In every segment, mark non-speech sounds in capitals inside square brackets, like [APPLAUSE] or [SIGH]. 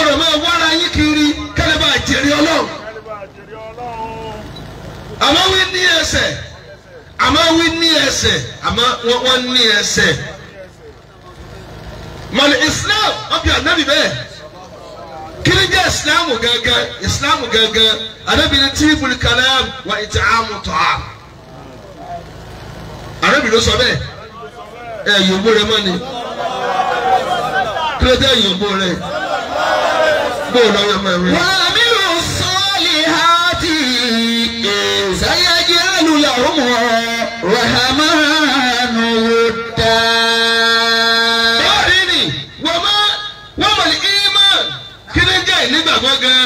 gbọ́dọ̀ máa wára yín kiri kẹ́lẹ́ bá jèrè ọlọ́run àmọ́ wí ní ẹsẹ̀ àmọ́ wí ní ẹsẹ̀ àmọ́ wọ́n ní ẹsẹ̀ mọ̀lẹ́ Islam ọ̀bí ànábì bẹ́ẹ̀ kiri jẹ́ Islam gangan Islam gangan ànábì ní tíìbùl kalam wà ìtì àmú tọ́ a ànábì ló sọ bẹ́ẹ̀ ẹ̀ yòówó rẹ mọ́ ni kí ló dé yòówó rẹ bó o lọ́yọ̀ máa rí. wà á mílò sọ́ọ̀lì ha ti ìsáyájí àlùyàwó mọ̀ rahamanu wòdà. bọ́ọ̀lì ni wọ́n máa wọ́n mọ̀ ní ìmọ̀ kí ni jẹ́ ìnígbàgbọ́ gan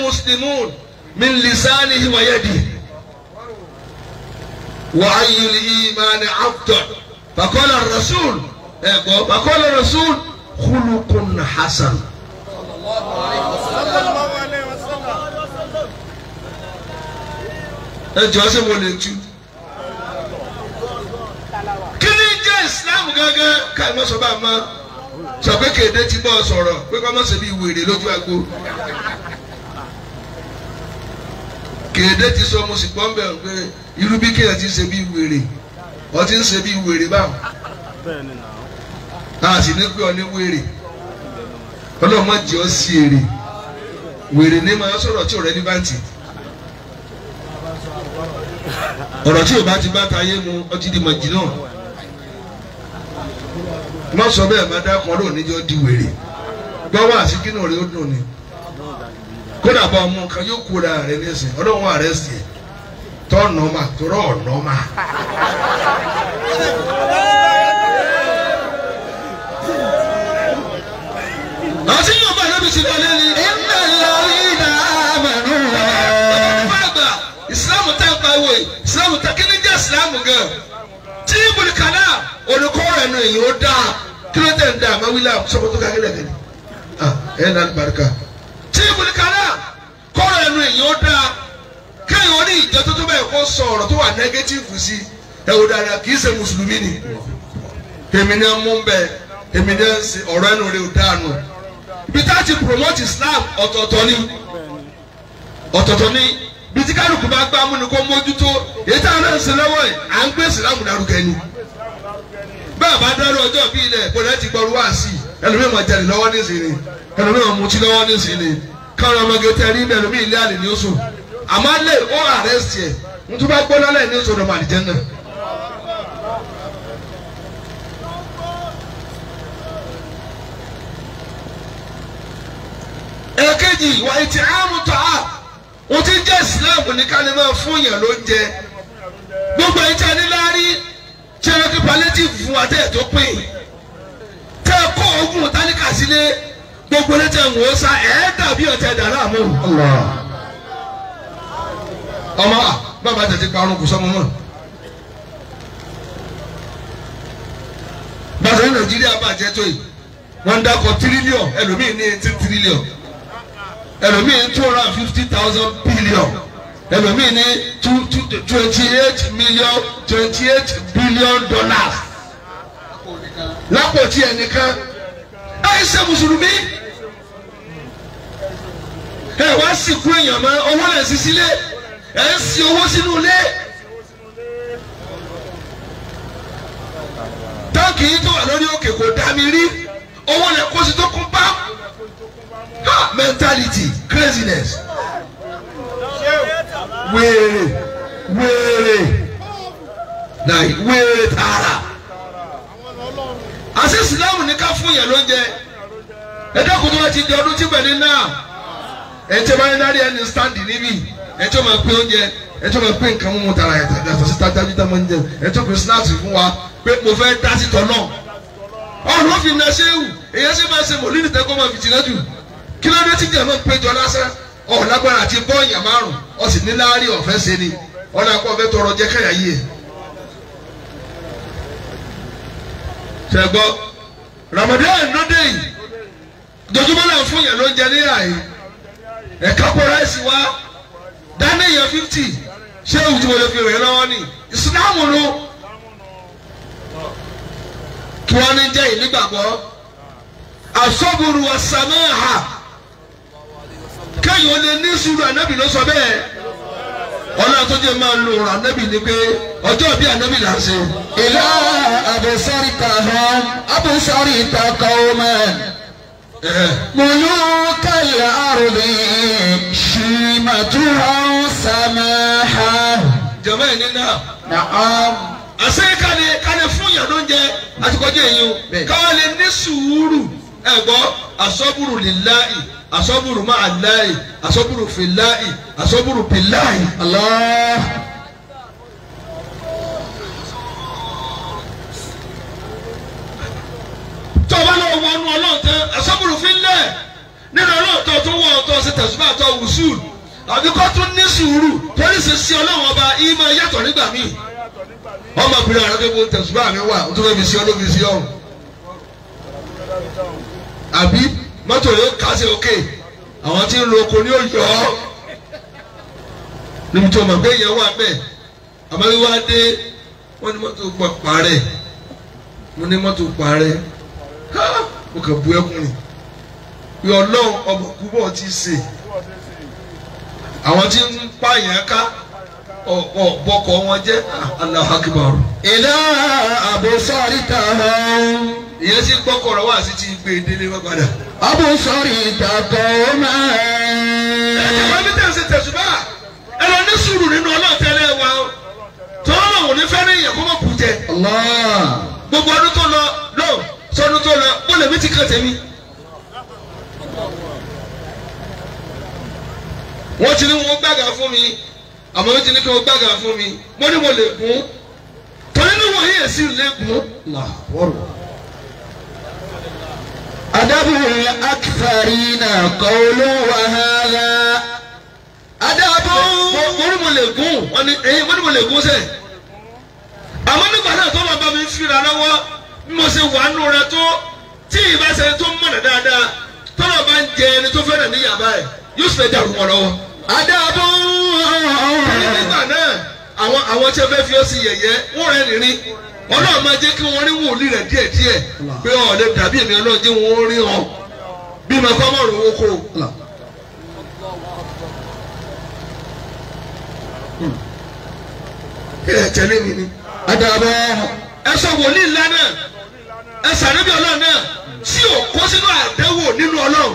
mùsùlùmí min lisanihi wa yadihi wa ayyul imani abdan faqala rasul ẹ̀kọ́ faqala rasul khuluqun hasan. ẹ jọ ṣe mo lè tu kí ni jẹ́ islam gángan ká ẹ má sọ bá a ma sọ pé kéde ti bọ́ sọ̀rọ̀ pé kọ́ mọ̀ sí bí wèrè lójú agbo. kèdè ti sọ mo sì gbọ́ mbẹ́ pé irú bí kéèyàn ti ṣe bí wèrè ọ ti ń ṣe bí wèrè báwọn náà sì ní pé ọ ní wèrè ọlọ́run má jẹ́ ọ sí èrè wèrè ní máa sọ̀rọ̀ tí ti bá ta mu ọ di mọ̀jì náà má sọ bẹ́ẹ̀ má dákun ọlọ́run níjọ́ di wèrè gbọ́wọ́ àti ó dùn kódà bá ọmọ nǹkan yóò kó lára rẹ nísìn ọlọ́run àrẹ́sì ẹ̀ tọ́ nọ́mà tọ́rọ̀ nọ́mà. lọ́sí yóò bá ẹ̀rọ mi sí lọ́lẹ́ ni. ìmọ̀ lórí iná àmàlù rẹ̀. bàbá àgbà ìsìlámù tá a pariwo ìsìlámù tá kí ni jẹ́ ìsìlámù gan. tí ibùdókàlà olùkọ́ rẹ̀ nù èyí ó dáa kí ló dé ń dáa máa wí láàmú sọ́kòtò kákẹ́lẹ́kẹ́lẹ́. ẹ̀ ẹ́ nà ah, ní kọ́rọ̀ ẹnu èèyàn ó dáa kéèyàn ní ìjọ tó tó bẹ́ẹ̀ kó sọ ọ̀rọ̀ tó wà nẹ́gẹ́tífù sí ẹ wò dáadáa kì í ṣe mùsùlùmí ni èmi ni mú bẹ èmi ni ọ̀rọ̀ ẹnu rẹ ò dáanu bí ti promote Islam ọ̀tọ̀ọ̀tọ̀ ni ọ̀tọ̀ọ̀tọ̀ ni bí kálukú bá gbá mú ni kó mójútó èyí tá a náà ń lọ́wọ́ ẹ̀ à ń gbé Islam dárúkẹ ni bẹ́ẹ̀ bá dárú ọjọ́ ilẹ̀ ti wá sí ẹlòmíràn lọ́wọ́ ẹlòmíràn mutí lọ́wọ́ káwọn ọmọge tẹ rí bẹ̀rù mí ilé àlè ní oṣù àmọ́ lè ó arrest yẹ nítorí bá gbóná lẹ̀ ní oṣù ọ̀dọ̀ màlìjẹ́ náà. èkejì wà ètí àmútọ́ à wọ́n ti jẹ́ Islam ní ká lè máa fún yàn ló gbogbo ìjà níláárí tí ẹni kí palliative fún wa tẹ́ ẹ̀ tó pè tẹ́ ẹ kọ́ ogun tálíkà sílé gbogbo ní tẹ̀ ń wò ó sá ẹ̀ dàbí ọ̀tẹ̀ dàrá àmú. ọmọ wa bàbá tètè parun kò sọmọ mọ́. bàtà ní nàìjíríà bàjẹ́ tó yìí wọ́n dákọ̀ tírílíọ̀n ẹlòmíì ní etí tírílíọ̀n ẹlòmíì ní two hundred and fifty thousand billion ẹlòmíì ní two twenty eight million twenty eight billion dollars lápò tí ẹnìkan ẹ ṣe mùsùlùmí ẹ wá sìnkú èèyàn mọ́ owó lẹ̀ sí sílé ẹ ń sin owó sínú ilé. táǹkì yìí tó wà lórí òkè kò dá mi rí owó lẹ̀ kó sí tó kún bá mentality craziness wéèrè wéèrè láì wéèrè tààrà àṣìṣe Islam ní ká fún yẹn lóúnjẹ ẹ dẹ́kun tó bá ti di ọdún tí pẹ̀lú náà ẹ tí o bá ń darí ẹni stand níbí ẹ tí o máa pín oúnjẹ ẹ tí o máa pín nǹkan mímu tara yàtọ̀ sí tájú tá máa ń jẹ ẹ tí o pín snacks fún wa pé mo fẹ́ dá sí tọ̀ náà ọ̀run fi na ṣéwù èyí ṣe máa ṣe mòlúù nìkan kó máa fi jìnnà jù kí ló dé tí jẹ̀ máa ń péjọ lásán ọ̀ lágbára àti bọ́ọ̀yà márùn ọ̀ sì ní láárí ọ̀fẹ́ ṣe ni ọ̀nà àpò ọ̀fẹ́ tọrọ jẹ́ káyà yìí ṣẹ̀gbọ́ Ramadan lóde yìí dojúmọ́ náà fún yẹn ló ń jẹ níyà yìí. ẹ̀ka kó ráìsì wa dání èèyàn fifty ṣé òun tí fi rìn lọ́wọ́ ni ìsìláàmù nu kí wọ́n ní jẹ́ ìnígbàgbọ́ àsọ́bùrù àsàmáhà kéèyàn lè ní sùúrù ànábì ló sọ bẹ́ẹ̀ ọlọ́run tó jẹ́ máa lo ọ̀rọ̀ ànábì ni pé ọjọ́ bí ànábì là ń ṣe. ìlà àbẹ̀sárì kàhán àbẹ̀sárì kàkọ́ ملوك الأرض شيمتها سماحة jẹ̀mọ́ ẹni náà. Naam. Àṣé kàlẹ́ kàlẹ́ fún yàn ló ń jẹ àtikọ́jọ́ èyí o. Káwá lè ní sùúrù ẹ̀gbọ́ asọ́bùrù lillahi asọ́bùrù ma'allahi asọ́bùrù fillahi asọ́bùrù billahi. Allah. tún wọ̀ ọ̀tọ̀ ṣe tẹ̀sùbà àtọ̀ wùsùl àbí kó tún ní sùúrù torí ṣe sí ọlọ́run ọba ìmọ̀ yàtọ̀ nígbà míì ọmọbìnrin àrùn kébù tẹ̀sùbà mi wà ó tún fẹ́ẹ́ fi sí ọlọ́bi sí ọ̀hún àbí mọ́tò yóò kà sí òkè àwọn tí ń lo oko ní òyò níbi tí ọmọ gbẹ̀yìn wà bẹ́ẹ̀ àmọ́ wíwá dé wọ́n ní mọ́tò pàrẹ́ mo ní mọ́tò pàrẹ́ mo bu ẹkùn rìn yọ lọ́wọ́ ọmọ kúbọ̀ ti sè àwọn tí ń pààyàn ká ọ̀pọ̀ bọ́kọ̀ wọn jẹ́ Allahu Akbar. ìlà àbòsọ̀rí tààrà. ìyẹn ti gbọ́kọ̀ rẹ̀ wá sí ti gbé e délé wá padà. àbòsọ̀rí tààrà ó máa. ẹ̀jẹ̀ wọn bí tẹ̀sí tẹ̀sùbá ẹ lọ ní sùúrù nínú ọlọ́ọ̀tẹ́lẹ̀ wa tọ́lọ̀ wò ní fẹ́rẹ́ yẹn kó mọ̀ kú jẹ. gbogbo ọdún tó lọ lọ sọdún tó lọ bó lè ti kàn tẹ̀mí. wọ́n ti ní wọ́n gbàgà fún mi àmọ́ wọ́n ti ní kí wọ́n gbàgà fún mi mo ní mo lè gùn torí ní wọ́n yẹ̀ sí lè gùn là wọ́rọ̀. adábùrù akitari na kọ́ọ̀lù wàhálà. adábùrù mo ní mo lè gùn wọ́n ní ẹ̀yìn mo ní mo lè gùn sẹ́ẹ̀. àmọ́ nígbà náà tó bàbá mi fìrà lọ́wọ́ bí mo ṣe wà nù rẹ tó tí ìbáṣẹ tó mọ̀nà dáadáa tọ́lọ̀ bá ń jẹ ẹni tó fẹ́ràn níyàbá ẹ̀ yusuf ẹ dàrú wọn lọ́wọ́. adáàbò nígbà náà àwọn àwọn tí a fẹ́ fi ó sí yẹ̀yẹ́ wọ́n rẹ̀ nìrin ọlọ́run máa jẹ́ kí wọ́n rí wòlíì rẹ̀ díẹ̀díẹ̀ pé ọ̀ lè dàbí èmi ọlọ́run jẹ́ wọ́n rí hàn bí mo kọ́ mọ̀rún oko. kílẹ̀ tẹ́lẹ̀ mi ni. adáàbò ẹ sọ wòlíì ńlá náà ẹ sàrẹ́bí ọlọ́run náà tí ò kó sínú àdẹ́wò nínú ọlọ́run.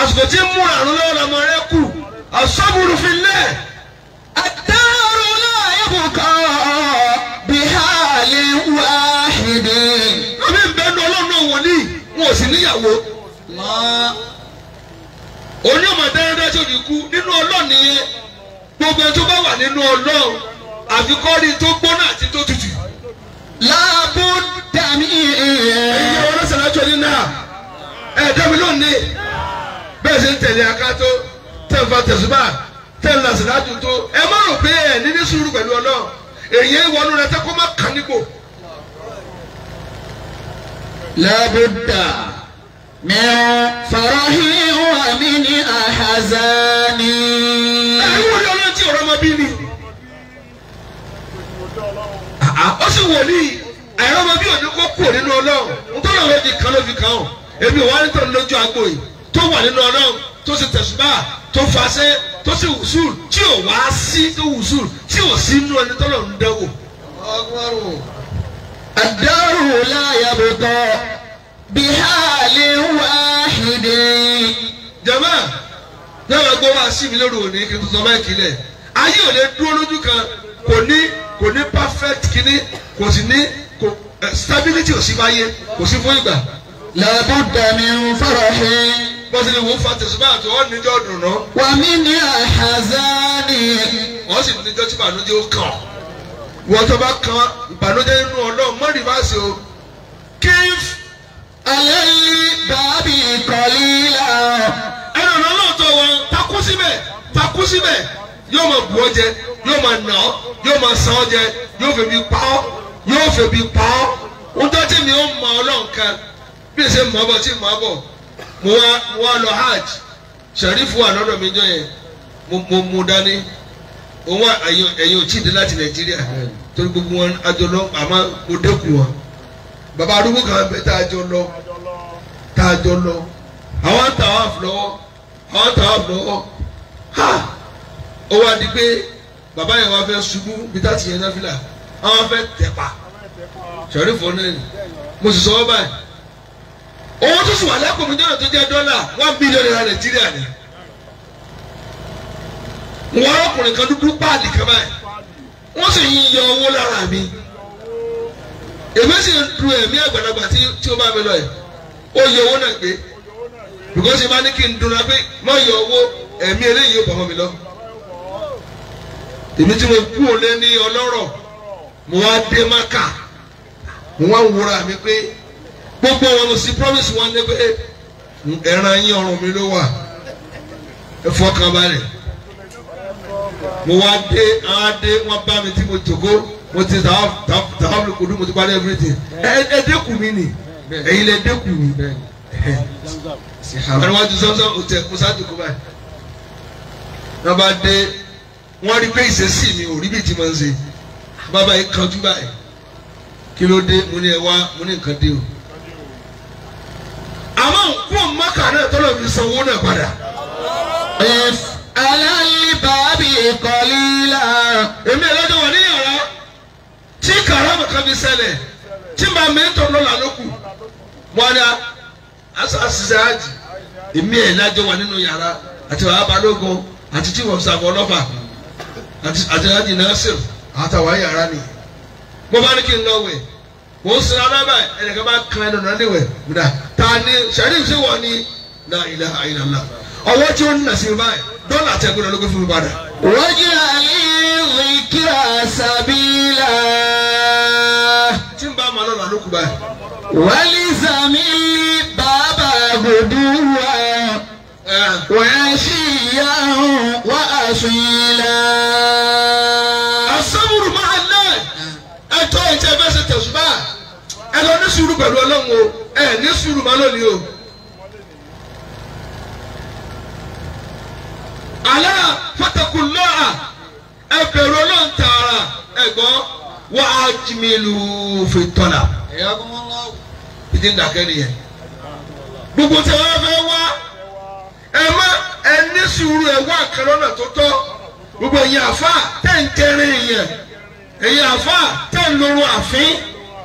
àsìkò tí ń mú àrùn lọ́wọ́ lọ́mọ rẹ kù àsọ́bùrù fi lẹ̀. àtàrò náà yóò kọ́ bí hàlì wáhìdì. wọ́n fi bẹ́ẹ̀ nu ọlọ́run òun ní wọn ò sì níyàwó. oní ọmọ dáadáa tó ní kú nínú ọlọ́run nìyẹn gbogbo tó bá wà nínú ọlọ́run àfikọ́rí tó gbóná àti tó tutù. láàbù dàmí. ẹ̀yin ọlọ́sàn-án ní náà ẹ̀ẹ́dẹ́gbẹ̀lónìí. bẹ́ẹ̀ ṣe ń tẹ̀lé akátó tẹ̀ ń ẹ má rò pé ẹ ní ní sùúrù pẹ̀lú ọlọ́run èyí wọnú rẹ tẹ́kọ́ má kàn nípò. lábúdà mi ò farahi wà mí ní àhàzáni. ẹ wúlò ọlọ́run tí ọ̀rọ̀ ọmọ bí ni. ó sì wòlíì àìrọ́mọ bí òní kó kú nínú ọlọ́run nítorí àwọn èdè kan ló fi kàn án èmi ò wá nítorí lójú agbo tó wà nínú ọlọ́run tó ṣe tẹ̀sùbá tó fàṣẹ tó ṣe wùsùl tí ò wá sí tó wùsùl tí ò sí inú ẹni tọ́lọ̀ ń dẹ́wò. àdárò láyàbòtọ́ bí hàlẹ́ wáhìdì. jama jama gbọ́ wá sí mi lóru òní kí n tuntun báyìí kílẹ̀ ayé ò lè dúró lójú kan kò ní kò ní perfect kíní kò sì ní kò eh, stability ò sí fáyé kò sí fún ìgbà. làbúdà ń fara hẹ́ẹ́ bọ́sílẹ̀ wò fa tẹ̀síbà àti wọ́n níjọ́ dùnú. wà mí ní àhàzáni. wọ́n sì níjọ́ tí ìbànújẹ́ ó kàn. wọ́n tó bá kan ìbànújẹ́ nínú ọlọ́run mọ́ rìvásì o. kíf. alẹ́ ní bàbí ìkọ̀lí la. ẹnu ọ̀nà náà tó wọn takú síbẹ̀ takú síbẹ̀ yóò máa bù ọ́ jẹ yóò máa nà ọ́ yóò máa san ọ́ jẹ yóò fèbi pa ọ́ yóò fèbi pa ọ́. ohun tó ti mi ó mọ ọlọ́run kan bí èsè mọ́ bọ̀ tí mọ́ bọ̀ mo wá mo wá lọ hajj Sharifu wà lọ́dọ̀ mi jọ yẹn mo mo mo dání òun ẹ̀yin ò tí ì dé láti Nàìjíríà torí gbogbo wọn àjọ lọ àmọ́ mo dẹ́kun wọn bàbá arúgbó kan bẹ tá a jọ lọ tá a jọ lọ àwọn tàwáàfù lọ́wọ́ àwọn tàwáàfù lọ́wọ́ ha ó wá di pé bàbá yẹn wá fẹ́ ṣubú bí tá a ti yẹn náà fìlà àwọn fẹ́ tẹ̀pa Sharifu náà mo sì sọ ọ́ báyìí owó tó sì wà lákòókò dọ́là tó jẹ́ dọ́là one billion naira nàìjíríà ni wọ́n ọkùnrin kan dúdú páàdì kan báyìí wọ́n sì ń yọ owó lára mi èmi sì ń du ẹ̀mí àgbàlagbà tí ó bá mi lọ yìí ó yọ owó náà gbé because ìbá ní kí n dunra pé má yọ owó ẹ̀mí eléyìí ó bọ̀ mi lọ èmi tí mo kú òun lé ní ọlọ́rọ̀ mo wá dé máka mo wá wúra mi pé gbogbo wọn lọ sí promise wọn ní pé ẹran yín ọrùn mi ló wà ẹ fọkàn balẹ̀ mo wá dé àwọn adé wọn bá mi tí mo jòkó mo ti tàwọn olùkọ́ mo ti parí everything ẹ ẹ dẹ́kun mi nì ẹ̀yin lẹ dẹ́kun mi àwọn iwájú sọ́sọ́ òtẹ̀ kó sáájú kó báyìí wọ́n bá dé wọ́n rí pé ìṣesí mi ò rí bí ti máa ń ṣe bàbá yìí kanjú báyìí kí ló dé mo ní ẹ wá mo ní nǹkan dé o. fún mọ́kà náà tó fi san owó náà padà. alálìbábì la. èmi ẹlẹ́dọ̀ wọ̀ níyàn tí kàrámù kan fi tí màá mi ń tọ́ lọ́la àjì èmi ẹ̀ lájọ wà nínú yàrá àti balógun àti tí wọ́n sàbọ̀ ọlọ́fà àti àjì yàrá ni mo bá ní kí n lọ wẹ̀ mo ń ẹnìkan bá kan ẹnu náà níwẹ̀ àní sẹ́rí ṣé wọ́n ní la ilaha illallah ọwọ́ tí ó ń nà sí báyìí dọ́là àti ẹgbẹ́ lọ́gọ́ fún mi padà. wájú àlè ìkíra sàbílà. tí n bá ma lọ́la ló kú báyìí. wálé sàmì bàbá gòdú wa ah. wàá ṣìyà wàá sùn yìí la. lọ ní sùúrù pẹ̀lú ọlọ́run o ẹ ní sùúrù má lónìí o. àlẹ́ fatakulọ́à ẹ bẹ̀rù ọlọ́run tààrà ẹ̀gbọ́n wà á jìmìlù fìtọ́là. ẹ̀yà kọ́mọ́ náà. ìdí ń dàkẹ́ nìyẹn. gbogbo tí wọ́n fẹ́ wá ẹ má ẹ ní sùúrù ẹ wá nǹkan tó tọ́ gbogbo ẹ̀yin tẹ̀ ń tẹ́rìn yẹn ẹ̀yin tẹ̀ ń lorun àfin.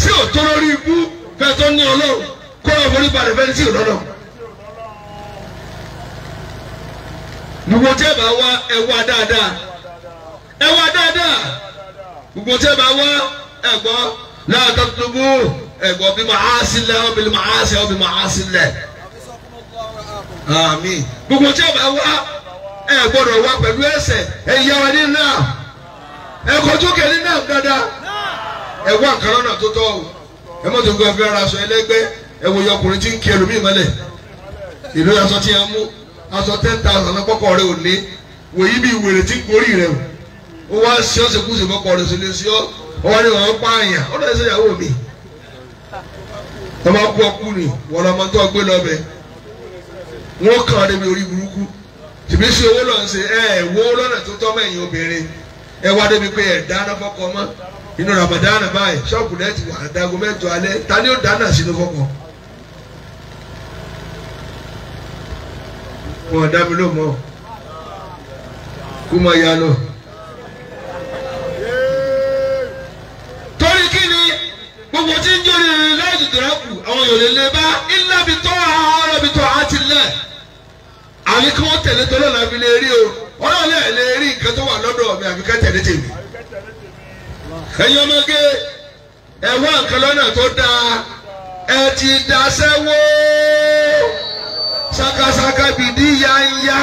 tí tó lórí ikú fẹ́ tó ní ọlọ́run kó lọ́ọ́ forí balẹ̀ fẹ́ tí gbogbo bá wá dáadáa dáadáa gbogbo bá wá tuntun bí màá sílẹ̀ ọ màá sílẹ̀ ọ màá sílẹ̀ gbogbo pẹ̀lú ẹsẹ̀ ẹ wá nǹkan na tó tọ́ o ẹ mọ̀ tó gbọ́ ẹ fi ara aṣọ ẹlẹ́gbẹ́ ẹ yọ ọkùnrin tí ń kí ẹlòmíì mọ́lẹ̀ ìlú aṣọ tí a mú aṣọ ten thousand lọ́pọ̀kọ̀ rẹ ò ní wòyí bí wèrè tí ń gorí rẹ o ó wá sí ọ̀sẹ̀ kùsì mọ́kọ̀ rẹ sílé sí ọ́ ọwọ́ ni wọ́n pa àyàn ó lọ́ọ́ sẹ́yàwó mi ọmọ kú ọkú ni wọ́n lọ́mọ tó gbé wọ́n kàn án débi orí burúkú inú Ramadan báyìí ṣọ́ọ̀kù náà ti wà dago mẹ́jọ alẹ́ ta ni ó dáná sínú fọ́kàn. wọn dá mi ló mọ kó máa ya lọ. torí kí ni gbogbo tí ń jóni lẹ́yìn ìdìrẹ́kù àwọn yòlè lè bá ilé bi tọ́ àti lẹ̀ àbí kí wọ́n tẹ̀lé tó lọ́la fi lè rí o ọlọ́ọ̀lẹ́ lè rí nǹkan tó wà lọ́dọ̀ mi àbí ká tèmi ẹ̀yin ọmọge ẹ wá nǹkan lọ́nà tó dáa ẹ ti daṣẹ́ wó sakasaka bìdí yanya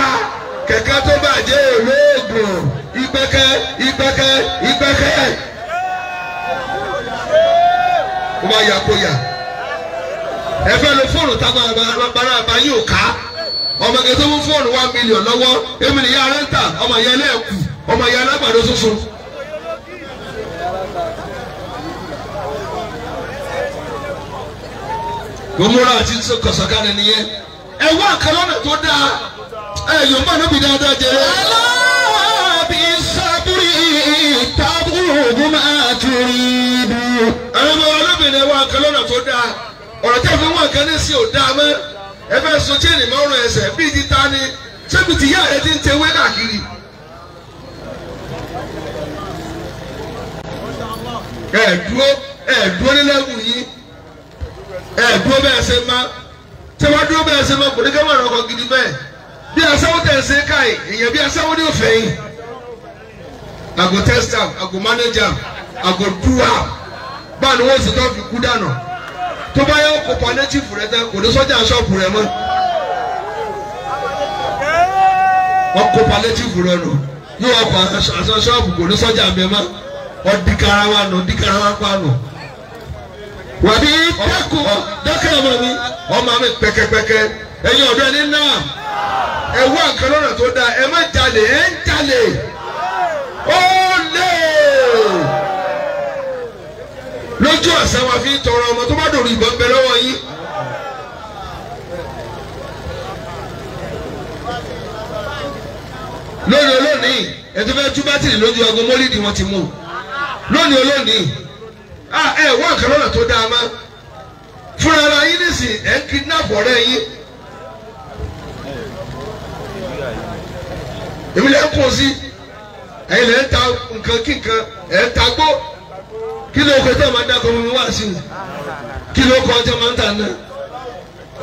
kẹ̀kẹ́ tó bàjẹ́ olóògùn ìgbẹ́kẹ́ ìgbẹ́kẹ́ ìgbẹ́kẹ́ ó máa yà kó yà ẹ fẹ́ lo fóònù táwọn abara abayín ò ká ọmọge tó mú fóònù one million lọ́wọ́ èmi nìyá rẹ́ńtà ọmọ ìyá ẹlẹ́ẹ̀kú ọmọ ìyá alágbàdo tuntun. òmùra àti sọ̀kàsọ̀kàrẹ̀ nìyẹn ẹ wá àkàlọ́nà tó dáa ẹ yóò mọ̀ níbi dáadáa jẹrẹ. aláàbí sábúrì tábù máa torí ibu. ẹ̀rọ mi wà lóbìnrin ẹ wá àkàlọ́nà tó dáa ọ̀rọ̀ fi wọ́n nǹkan ní sí ò dáa mọ́ ẹ fẹ́ so chain bíi ti ni ṣébi tìyá rẹ ti ń tewé káàkiri. ẹ dúró ẹ dúró nílẹ̀ wù yín ẹ dúró bẹ́ẹ̀ ṣe má tí wọ́n dúró bẹ́ẹ̀ ṣe má kò ní kẹ́wọ́n ọ̀rọ̀ kan gidi bẹ́ẹ̀ bí asáwó tẹ̀ ṣe káyì èèyàn bí asáwó ní òfin yìí àgò tẹ́sítàm àgò mánéjà àgò dúwà báàlú wọ́n sì tó fi kú dànù tó bá yẹ kó pa nẹ́tìfù rẹ tán kò ní sọ́jà ṣọ́ọ̀bù rẹ mọ́ wọ́n kó pa nẹ́tìfù rẹ nù yóò wọ́n pa aṣọ ṣọ́ọ̀bù kò ní sọ́jà mẹ́mọ́ wọ́n dí wàbí dákun dákẹ́ ọmọ mi ọmọ mi pẹ́kẹ́pẹ́kẹ́ ẹ̀yin ọ̀dọ́ ẹni náà ẹ wá nǹkan lọ́nà tó dáa ẹ má jalè ẹ ń jalè ó lè lójú ọ̀sẹ̀ wa fi ń tọrọ ọmọ tó bá dòrò ìbọn bẹ lọ́wọ́ yín. lónìí olónìí ẹ tó fẹ́ tú bátìrì lójú ọgbọ́n mọ́lídìí wọ́n ti mú lónìí olónìí. Ah, ẹ wọ́n kan lọ́nà tó dáa má fúnra ara yín nísìn ẹ̀ ń kidnap ọ̀rẹ́ yín èmi lè kún sí ẹ̀yin lè ń ta nǹkan kí nǹkan ẹ̀ ń ta gbó kí ló kọjá máa ń dákọ̀ mímú wá sí i kí ló kọjá máa ń tà náà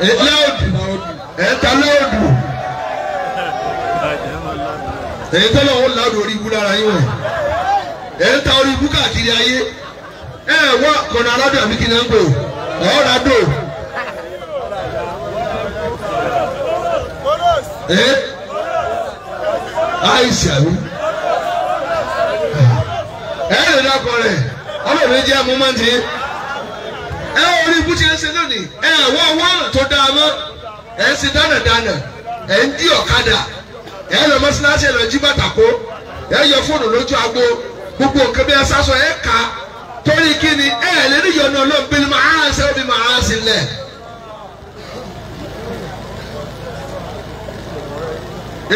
ẹ̀ ń láòdù ẹ̀ ń ta láòdù ẹ̀yin tọ́lọ̀ ń láòdù orí ibú lára yín wọ̀ ẹ̀ ń ta orí ibú káàkiri ayé. ẹ eh, wọ kọ̀nà aládùn àbí kí ni ń pè ọ́ ọ̀rá ẹ ẹ lè dákọ rẹ ọlọ́run jẹ́ àmúmọ́ntì ẹ orí ibú ti ṣe lónìí ẹ wọ́n wọ́n tó dáa mọ́ ẹ ń ṣe dánàdánà ẹ ń ọ̀kadà ẹ lọ ẹ gbogbo nǹkan bí ẹ sá torí kí ni ẹ lè ní ìyọnu ọlọ́run bí màá ṣe bí màá ṣe lẹ̀.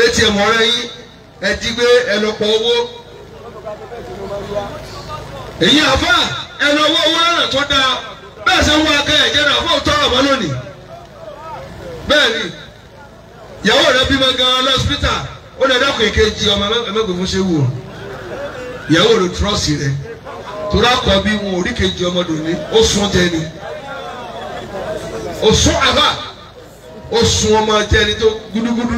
etí ẹ̀mọ́ rẹ yín ẹ jí gbé ẹ lọ pọ̀ owó. èyí àfa ẹ lọ wọ owó lọ́nà tó dáa bẹ́ẹ̀ sẹ́ ń akẹ́ ẹ̀jẹ̀ náà fún òótọ́ ọ̀mọ́ lónìí. bẹ́ẹ̀ ni ìyàwó rẹ bímọ gan-an lọ́sítà ó lè dákun ìkejì ọmọ ẹ̀mẹ́gbẹ̀fún ṣe wù ọ́ ìyàwó rẹ túrọ́ọ̀sì rẹ. torí àkọ́bí wọn ò rí kejì ọmọdé ó sun jẹ ni ó sun àbá ó sun ọmọ jẹ ni tó gúdúgúdú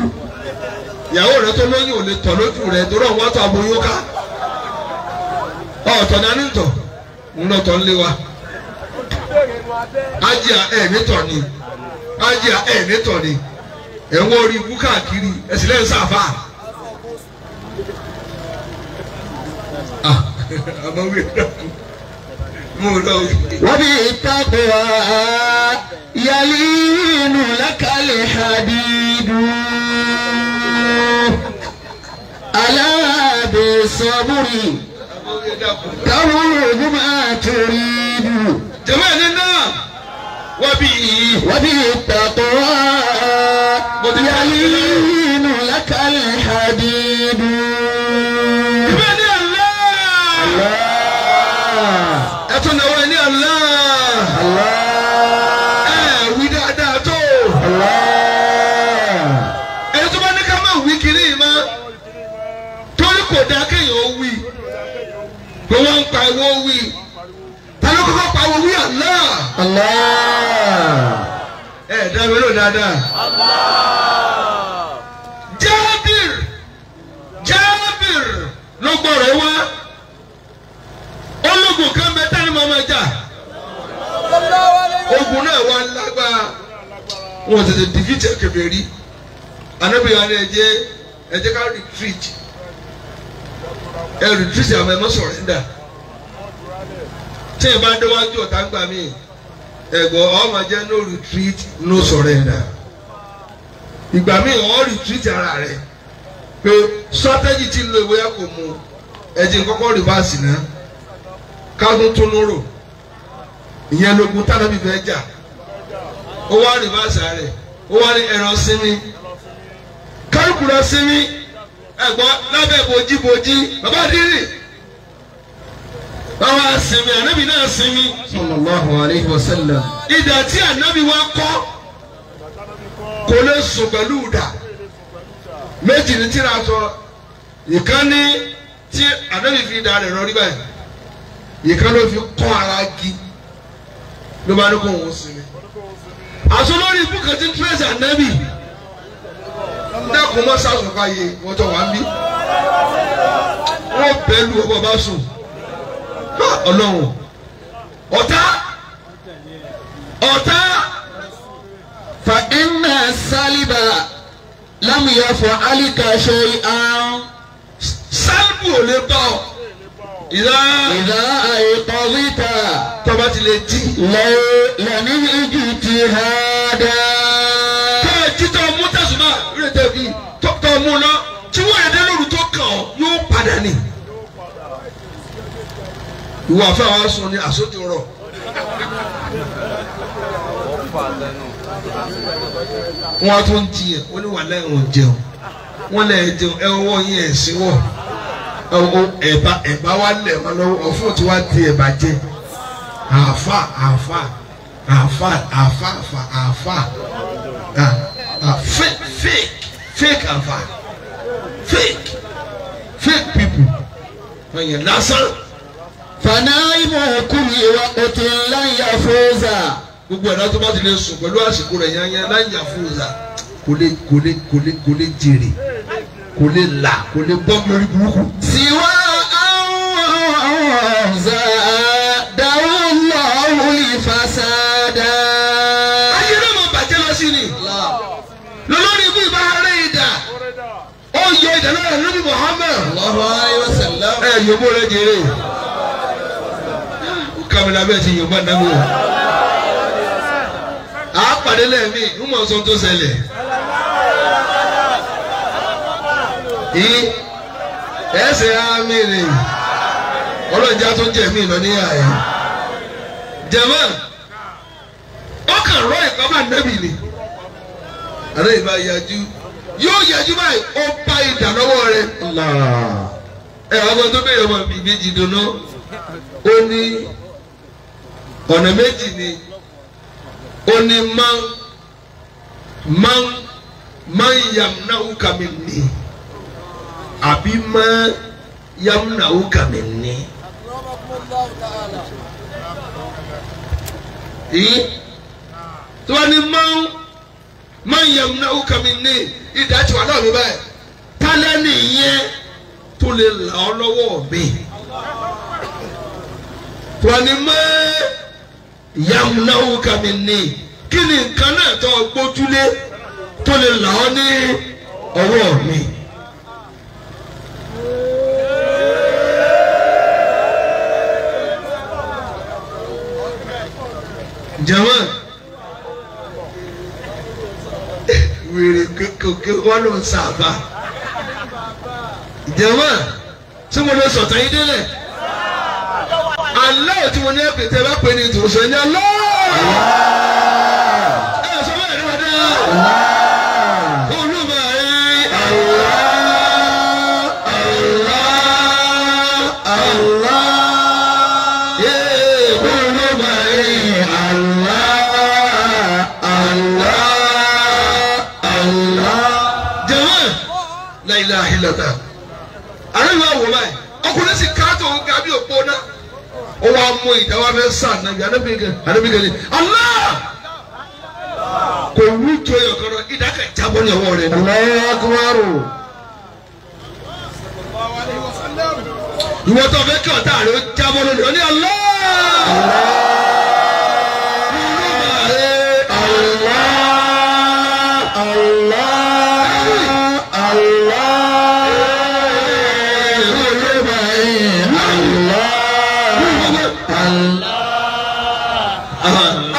ìyàwó rẹ tó lóyún ò lè tọ̀ lójú rẹ ká ńlọ ni ni orí ikú káàkiri [LAUGHS] وبالتقوى يلين لك الحديد ألا بالصبر تروج ما تريد جمالنا وبه وبالتقوى يلين لك الحديد dáadáa. Jábìr Jábìr ló gbọ́rọ̀ wá ológun kan bẹ tani màmá jà ogun náà wà lágbára wọn tètè dìgítì kẹfẹ rí anábìyàn ni ẹ jẹ ká retreat ẹ retreat àmọ́ ẹ má sọ̀rọ̀ ẹ dà tí ẹ bá dé wájú ọ̀tá gbà míì. ẹ̀gọ́ ọmọ jẹ́ no retreat no surrender ìgbà míì ọ̀ retreat ara rẹ̀ pé strategy ti lo ìwé kò mu ẹ̀jẹ̀ kọ́kọ́ reverse náà kágun tún rò ìyẹn lógun tánàbí fẹ́ jà ó wá reverse rẹ̀ ó wá ní ẹran sinmi kárùkù lọ sinmi ẹ̀gbọ́n lábẹ́ bòjíbòjí bàbá dírì. àwọn asinmi anabi náà sinmi. sallallahu alayhi wa sallam. ìdà tí anabi wa kọ́ kò lè sùn pẹ̀lú ìdà méjì ní tíra sọ ìkan ní tí anabi fi da rẹ̀ rọrí báyìí ìkan ló fi kọ́ ara gi ló bá ní kó òun sinmi. àṣọ lórí ibùkún ti tírẹ́sì anabi dákun mọ́ sásùn fàyè wọ́n jọ wá ń bí wọ́n bẹ́ẹ̀ lu ọgbọ́n sùn. Ọlọ́run ọ̀tá ọ̀tá fa iná sálíbà lámùyá fún alíkàṣe àrùn sálíbù ò lè bọ̀ ìdá ìdá àìkọ́ wíta tọ́ba ti lè jí. lẹ́yìn lẹ́yìn ìjì ti hàn dáa. ìwọ àfáà sùn ní àsójò rọ. wọ́n tún tiẹ̀ ó ní wàhálà ẹ̀wọ̀n jẹun wọ́n lẹ̀ jẹun ẹ ọwọ́ yín ẹ̀ síwọ̀ ẹ̀bá ẹ̀bá wa lẹ̀ wọ́n lọ́wọ́ ọ̀fún tí wàá di ẹ̀bá jẹ àfa àfa àfa àfa àfa àfa fake fake fake àfa fake fake people wọ́n yẹn lásán fanaimu hukumi ìwà òtí láyà fúnza gbogbo ẹ̀dá tó bá ti lè sùn pẹ̀lú àsìkò rẹ̀ yányá láyà fúnza kò lè kò lè kò lè kò lè jèrè kò lè là kò lè bọ́ lórí burúkú. siwa àwọn àwọn ọ̀zà dáwọ́ lọ́wọ́ ìfàsádà. ayé náà mo bàjẹ́ lọ sí ni lọ́lọ́rin ikú ìbá rẹ̀ ìdá ó yọ ìdáná rẹ̀ lórí Muhammad. ẹ yòówó rẹ̀ jèrè kàmìlà bẹ́ẹ̀ ti yorùbá nàbí o. à á pàdé lẹ́ẹ̀mí ń mọ̀ sọ́n tó ṣẹlẹ̀. yìí ẹsẹ̀ àmì rè ọlọ́jà tó jẹ̀mí lọ níyà ẹ̀. jẹ̀mọ́ ọkàn rọ ìkọ́mà nẹ́bì ni àlẹ́ ìbá yájú yóò yájú báyìí ó bá ìdá lọ́wọ́ rẹ̀ ńlá ẹ̀ ọgbọ́n tó bẹ̀rẹ̀ ọmọ bíbí jìdùnú ó ní ọ̀nà méjì ni ó ní man man man yamnahu kaminni àbí man yamnahu kaminni. tí wọ́n ní man man yamnahu kaminni ìdájọ́ aláàbí báyìí tálẹ́ nìyẹn tó lè là ọ́ lọ́wọ́ mi. tí wọ́n ní yamunawo kàmi ní kí ni nǹkan náà tó gbójúlé tó lè là ọ́ ní ọwọ́ mi. jama wèrè kékeré wọn ló ń sábà jama tí mo lè sọ̀tàn yín aláwọ̀ tí mo ní ẹ̀pẹ̀ tẹ́ bá pè ní ìtòsọ ní aláwọ̀. ẹ sọ Allah Allah Allah. Allah Allah. Jama la ilaha illallah. àwọn ìjàmbá sàn nàbí adébíkẹ́lẹ́ Allah kò wú tó yọ kọ́rọ́ ìdá kẹ́ jábọ́ ní ọwọ́ rẹ̀ ni. Allahu akbar. ìwọ́n fẹ́ kí ọ̀tá rẹ̀ jábọ́ lónìí ọ ní Allah. Uh-huh.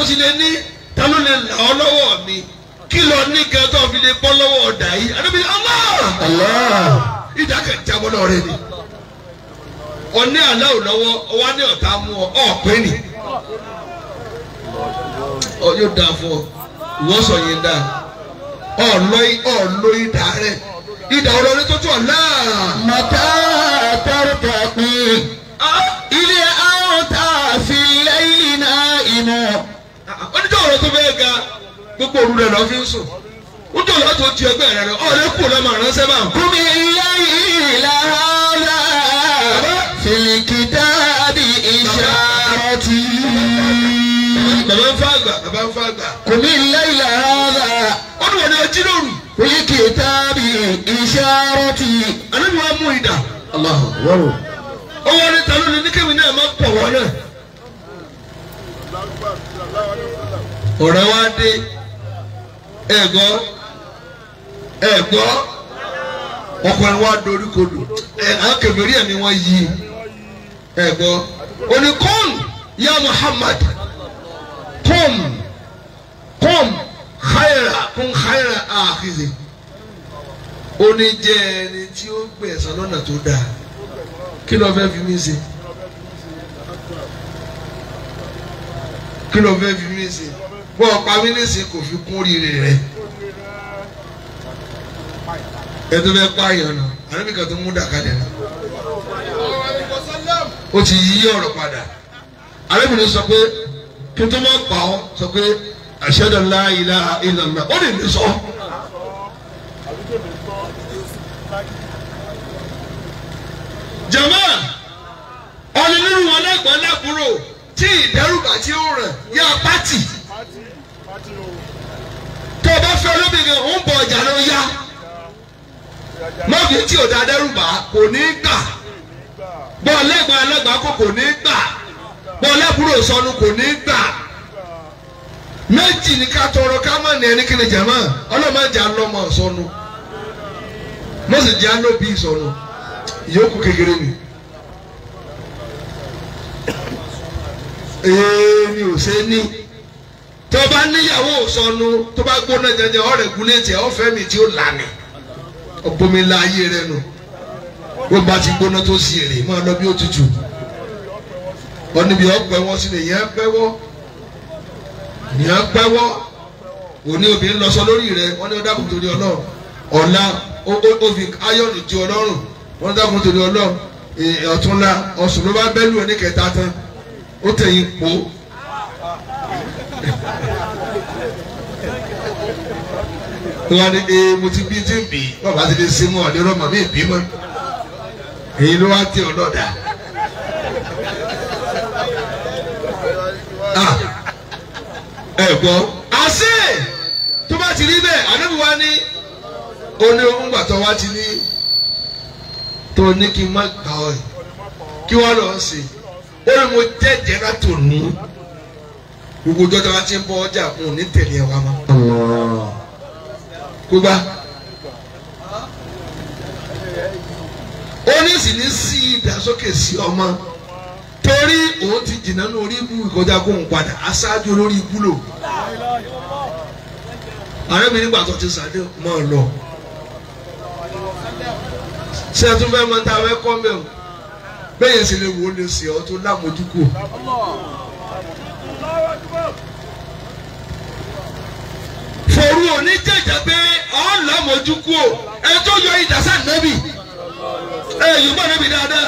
tó ti lè ní ta ló lè là ọ́ lọ́wọ́ mi kí lọ ní gan tó fi lè bọ́ lọ́wọ́ ọ̀dà yìí àdébí Allah ìdá kan jábọ́ lọ rẹ ni ọ̀ní aláwò lọ́wọ́ ọwọ́ ní ọ̀tá mú ọ ọ̀pẹ́ ni ọ yóò dáa fún ọ ìwọ sọ yẹn dáa ọ̀lọ́ ìdá rẹ ìdá ọlọ́rin tó tún ọ̀la. màtá àtàrúkọ pé ah! ilé àwọn tá a fi lẹ́yìn náà ìmọ̀ lọ́rọ̀ tó fẹ́ ga gbogbo òru rẹ̀ lọ́ fi ń sùn ó tó lọ́tò ti ẹgbẹ́ rẹ̀ rẹ̀ ọ̀rẹ́ kù lọ́mọ ránṣẹ́ bá ń kú. kúmi lẹ́yìn ìlànà fìlìkìtà bí iṣẹ́ ọtí. bàbá ń fàgbà bàbá ń fàgbà. kúmi lẹ́yìn ìlànà. ó dùn wọ́n ní ọjí lóru. fìlìkìtà bí ọtí. àná ni wọ́n mú ìdá. ó wọ́n ní ní kéwìn náà máa pọ̀ wọ́n náà. ọ̀rẹ́ wa dé ẹ̀gọ́ ẹ̀gbọ́ ọkùnrin wa dorí kodò àwọn kèfèrí ẹ̀mí wọn yí ẹ̀gbọ́ oníkọ́ọ̀nù ya Muhammad kọ́m kọ́m xayira kún xayira àkìzè oníjẹ ẹni tí ó gbẹ̀sán lọ́nà tó dáa kí ló fẹ́ fi mí ṣe kí ló fẹ́ fi mí ṣe bọ́ ọ pa mí nísìnyí kò fi kún oríire rẹ. ẹtú bẹ pààyàn nà àrẹ́bí tó mú dàkalẹ̀ nà. ó ti yí ọ̀rọ̀ padà àrẹ́bí sọ pé kí tó má pa ọ́ sọ pé ashhadu an la ilaha illallah ó lè ní sọ. jama ọ̀nà nínú wọn lẹ́gbọ̀n lẹ́kúrò tí ìdẹ́rùbà tí ó rẹ̀ yá pátì. tó o bá fẹ́ olóbìnrin ò ń bọ̀ ọjà ló yá mọ́bí tí ò dá dẹ́rùbà kò ní gbà bọ́ọ̀ lẹ́gbàá ẹlẹ́gbàá kò kò ní gbà bọ́ọ̀ lẹ́bùrò sọnù kò ní gbà méjì ní ká tọrọ ká má ní ẹni kiri jàmá ọlọ́mọ ìyókù kékeré mi. ò tó bá níyàwó sọnù tó bá gbóná jẹjẹ ọ̀rẹ́ gúlẹtì ọ̀fẹ́ mi tí ó lànà ọgbọmọlá ayé rẹ nù wọn bá ti gbóná tó sì èrè máa lọ bí ó tutù wọn níbi ọpẹ wọn sí lè yẹn pẹwọ yẹn pẹwọ òní obìnrin lọ sọ lórí rẹ wọn ní ọdá kùtù ní Ọlọ́run ọlá ó fi ti Ọlọ́run wọn dá kùtù ní Ọlọ́run ọ̀túnla ọ̀sùn ló bá bẹ́lú ẹ̀ kẹta tán ó tẹ̀yìn pọ̀ wọ́n ní ee mo ti bí tí ń bì bàbá ti lè ṣe mọ́ ọ̀dẹ́ rọ́mọ mi bì mọ́ èyí ló wá tẹ ọlọ́dà. ẹ gbọ́ àṣẹ tó bá ti rí bẹ́ẹ̀ àdébù wa ní oní oúngbà tó ti ní tó ní kí n má gbà ọ́ kí wọ́n lọ́ọ́ sí i ó ní mo jẹ́jẹ́ látò nù gbogbo ọjọ́ tí wọ́n ti ń bọ́ ọjà wọn ò ní tẹ̀lé ẹ̀ wá mọ́. kó gbá. ó ní sì ní sí ìdásókè sí ọmọ torí òun ti jìnnà ní orí ibú ìkọjá kó ń padà aṣáájú olórí ibú lò. ààrẹ mi nígbà tó ti sàdé mọ́ ọ lọ. ṣé ẹ tún fẹ́ mọ tá a fẹ́ kọ́ mẹ́wọ̀n bẹ́ẹ̀ yẹn sì lè wò ó lè ṣe ọ́ tó lámójúkò. foru òní jẹjẹ pé ọlọmọdún kú o ẹ tó yọ ìdásá nẹbi ẹ yìí nẹbi dáadáa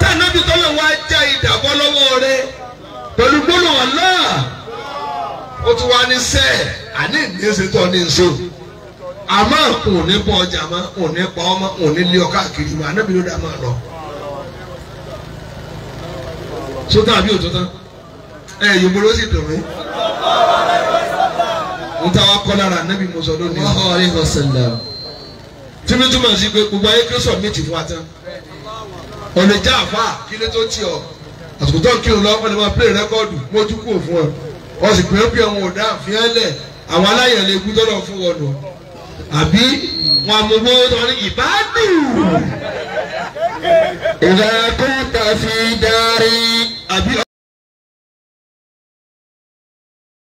tá nẹbi tọ́lọ̀ wá já ìdàbọ̀ lọ́wọ́ rẹ pẹ̀lú gbólóhàn náà ó ti wá ní sẹ́ẹ̀ àní ìdíyẹsẹ̀tọ̀ ní nsọ àmọ́ òun ní ọjà mọ́ òun ní ọmọ lé ọ káàkiri sótà àbí òtótá ẹ yorùbá ló sì dùn mí. mo ta wa kọ́ lára nẹ́bí mo sọ lónìí. wọ́n hàn rí ọ̀sẹ̀lẹ̀. tí mi túmọ̀ sí pé gbogbo ayé kí sọ̀ mí ti fún wa tán. ọ̀lẹ̀ já àfa kí lè tó ti ọ̀ àsìkò tó ń kírun lọ́wọ́ pẹ̀lú máa play rẹ́kọ́ọ̀dù mójú kò fún ọ. wọ́n sì pé ó bí ọmọ òdà àfihànlẹ̀ àwọn aláyẹ̀lẹ̀ egún tó lọ fún wọn nù. àbí wọn àmúgbó tó ní ìbádùn. ìdàkùn dárí. Adiós.